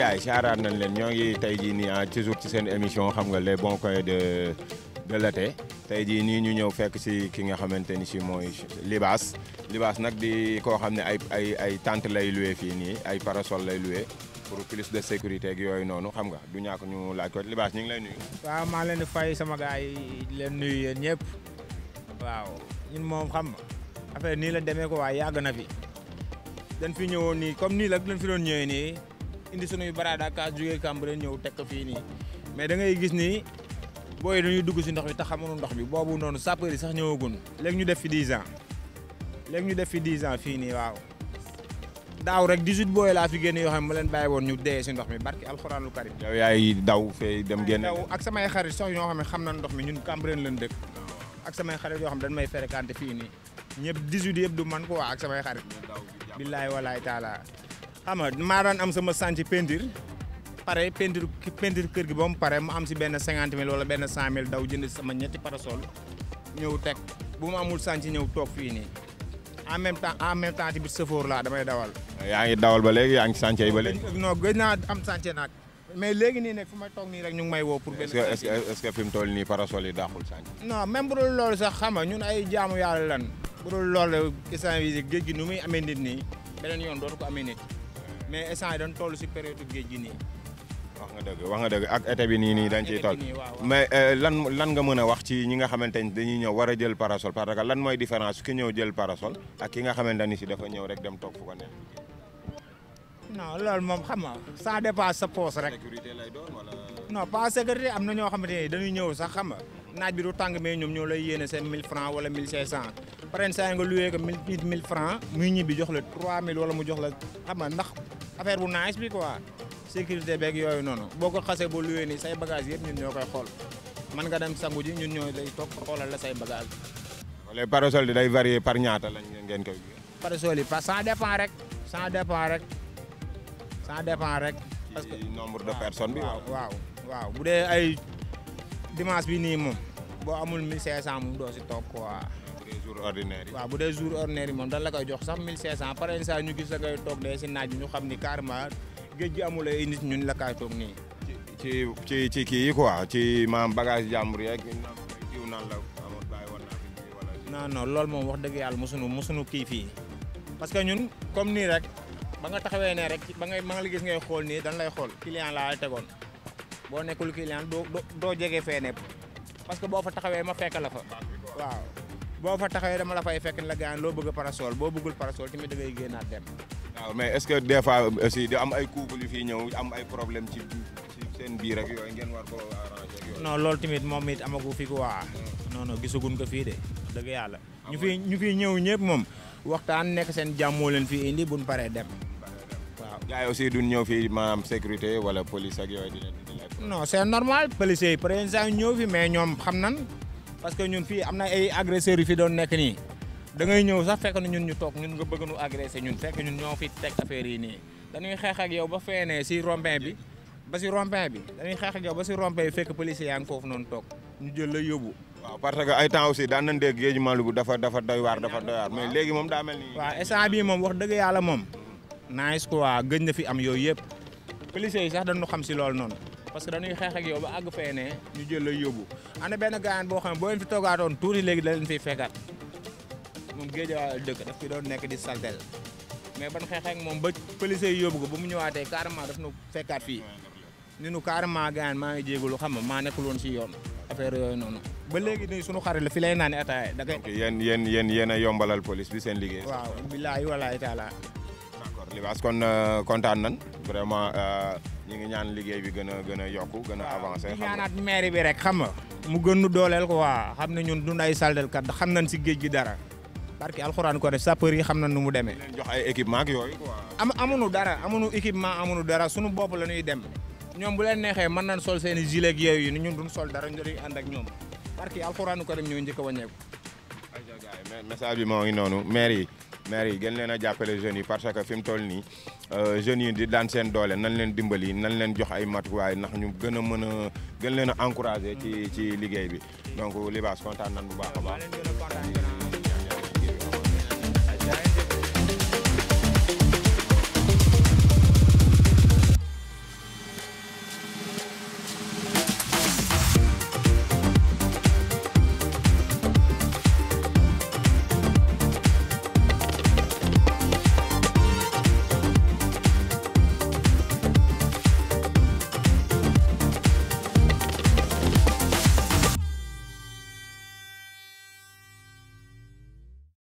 gars yi siyaaraat nañ leen ñoo ngi tey jii nii ah toujours ci seen émission xam nga les bon coins de de tey jii nii ñu ñëw fekk si ki nga xamante ni si mooy Libaas Libaas nag di koo xam ne ay ay ay tente lay loué fii nii ay parasol lay loué pour plus de sécurité ak yooyu noonu xam nga du ñàkk ñu laaj ko Libaas ñu ngi lay nuyu. waaw maa leen di fay sama gars leen nuyu yéen ñëpp waaw ñun moom xam nga affaire nii la demee ko waay yàgg na fi dañ fi ñëwoon nii comme nii la dañ fi doon ñëwee indi sunuy baraada kaas jógee Cambérène ñëw teg ko fii nii mais da ngay gis ni booy dañuy dugg si ndox bi te xamuñu ndox bi boobu noonu sapeur yi sax ñëwaguñu. léegi ñu def fi 10 ans léegi ñu def fi 10 ans fii nii waaw daaw rek 18 booy laa fi génne yoo xam ne ma leen bàyyi woon ñu dee si ndox mi barki alxuraan lu karim. yow yaay daw fee dem génne. daw ak samay xarit sax ñoo xam ne xam na ndox mi ñun Cambérène lañ dëkk ak samay xarit yoo xam ne dañ may fréquenté fii nii ñëpp 18 yëpp du man ko waa ak samay xarit billaay xam nga daan am sama sànci peinture pare peinture peinture kër gi ba mu pare mu am si benn cinquante mille wala benn cent mille daw jënd sama ñetti parasol ñëw teg bu mu amul sànci ñëw toog fii nii en même temps en même temps ci biir sëfoor laa damay dawal. yaa ngi dawal ba léegi yaa ngi sànci ba léegi. no gëj naa am sànci nag mais léegi nii nag fu ma toog nii rek ñu ngi may woo. pour benn est-ce que fi mu toll nii parasol yi daaxul sànci. non même bu dul loolu sax xam nga ñun ay jaamu yàlla lan bu lool loolu instant géej gi nu muy amee nit nii beneen yoon dootu ko amee nit mais instant yi dañ toll si période géej gi nii. wax nga dëgg wax nga dëgg ak été bi nii nii dañ ciy toll mais euh, lan lan nga mën a wax ci ñi nga xamante ni dañuy ñëw war a jël parasol parce que lan mooy différence ki ñëw jël parasol nga xamante ni si dafa ñëw rek dem toog fu ko neex. non loolu moom xam nga ça dépasse sa poche rek. sécurité lay doon wala. am na ñoo xamante ni dañuy ñëw sax xam nga naaj bi du tàng mais ñoom ñoo lay yéene seen mille francs wala 1500 pare saa nga loué ko 1000 1000 francs muy ñibbi jox la 3000 wala mu jox la xam nga ndax. affaire bu nice bi quoi sécurité beeg yooyu noonu boo ko xasee ba luwee ni say bagage yëpp ñun ñoo koy xool man nga dem sangu ji ñun ñoo lay toog xoolal la say bagage les parasols di day varier par ñaata lañ ngeen koy parasol yi parce que ça dépend rek ça dépend rek ça dépend rek parce que nombre de personnes bi waaw waaw waaw bu dee ay dimanche bi ni moom boo amul 1500 moom doo si toog quoi jour ordinaire yi. waaw bu dee jour ordinaire yi moom dan la koy jox sax 1500 par exemple ñu gis la ngay toog dee si naaj ñu xam ni carrément géej gi amul nit ñun la kaay nii. ci ci kii yi ci maam bagage jàmbur yeeg jiw loolu moom wax dëgg yàlla mosunu mosunu kii fii parce que ñun comme nii rek ba nga taxawee ne rek ba ngay ma nga la gis ngay xool nii dan lay xool client laa tegoon boo nekkul client doo doo jege fee nepp parce que boo fa taxawee ma fekk la fa waaw. bo fa taxawé dama la fay fekk la gaan lo bëgg parasol bo bëggul parasol timi da ngay génnaat dem. waaw nah, mais est-ce que des fois aussi euh, di am ay couple fi ñëw am ay problème ci ci seen biir ak yoy ngeen war ko arranger non lool timit mom it amagu fi ko wa non non gisugun ko fi dé dëgg yàlla. ñu fi ñu fi ñëw ñëpp mom waxtaan nek seen jàmm moo leen fi indi buñ paré dem. waaw gars aussi duñ ñëw fi manam sécurité wala police ak yoy di leen di leen. non c'est normal police yi par exemple ñëw fi mais ñom xam nan parce que ñun fii am na ay agresseurs yu fi doon nekk nii da ngay ñëw sax fekk na ñun ñu toog ñun nga bëgg nu agressé ñun fekk ñun ñoo fi teg affaire yi nii dañuy xeex ak yow ba feenee si rompin bi ba si rompin bi dañuy xeex ak yow ba si rompin bi fekk policier yaa ngi foofu noonu toog ñu jël la yóbbu. waaw parce que ay temps aussi daan nañ dégg géeju Malibu dafa dafa doy waar dafa doy waar mais léegi moom daa mel ni. waaw instant bii moom wax dëgg yàlla moom. nice quoi gëj na fi am yooyu yëpp policier yi sax dañu xam si loolu noonu parce que dañuy xeex ak yow ba àgg fee ñu jël la yóbbu ana benn gaañaan boo xam ne boo leen fi toogaatoon tuuti léegi da leen fiy fekkat moom géejawaay la dëkk daf fi doon nekk di saltel mais ban xeex ak moom ba police yi yóbbu ko ba mu ñëwaatee carrément daf nu fekkaat fii ni nu carrément gaañaan maa ngi jégalu xam nga maa nekkul woon si yoon affaire yooyu noonu ba léegi nii sunu xarit la fi lay naan ataaya da koy yéen yéen yéen yéen a yombalal police bi seen liggéey waaw billaahi wallaahi taala d'accord Libaas ko euh, kontaan nan vraiment euh, ñu ngi ñaan liggéey bi gën gën a yokku gën a avancé. ñaanaat maire bi rek xam nga. mu gën nu dooleel ko waa xam ne ñun dund ay saldelkat xam nañ si géej gi dara. parce que alxuraan ko def sapeur yi xam nañ nu mu demee. leen jox ay équipement ak yooyu quoi. am amuñu dara amuñu équipement amuñu dara suñu bopp la ñuy dem ñoom bu leen neexee mën nañ sol seen i gilet ak yooyu ñun duñ sol dara ñu ànd ak ñoom parce que alxuraan ko dem ñoo njëkk a wàññeeku. message bi moo ngi noonu maire yi maire yi gën leen a jàppale jeunes yi parce que fi mu toll nii euh, jeunes yi di daan seen doole nan leen dimbali nan leen jox ay matuwaay ndax ñu gën a mën a gën leen a encouragé ci ci liggéey bi donc Libaas kontaan nan bu baax a baax